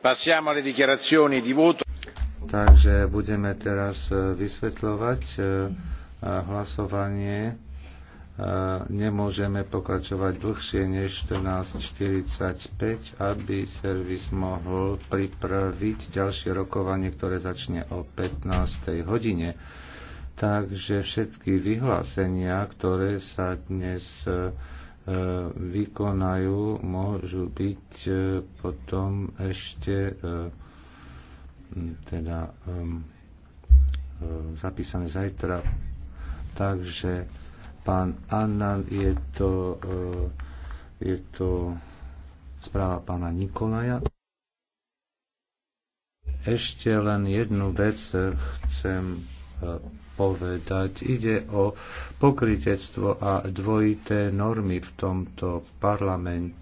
Passiamo alle dichiarazioni di voto. Takže budeme teraz e, vysvetľovať e, hlasovanie. E, nemôžeme pokračovať dlhšie než 14.45, aby servis mohol pripraviť ďalšie rokovanie, ktoré začne o 15. hodine. Takže všetky vyhlásenia, ktoré sa dnes vykonajú, môžu byť e, potom ešte e, teda e, zapísané zajtra. Takže pán Annan je to, je to správa pána Nikolaja. Ešte len jednu vec chcem povedať. Ide o pokritectvo a dvojité normy v tomto parlamente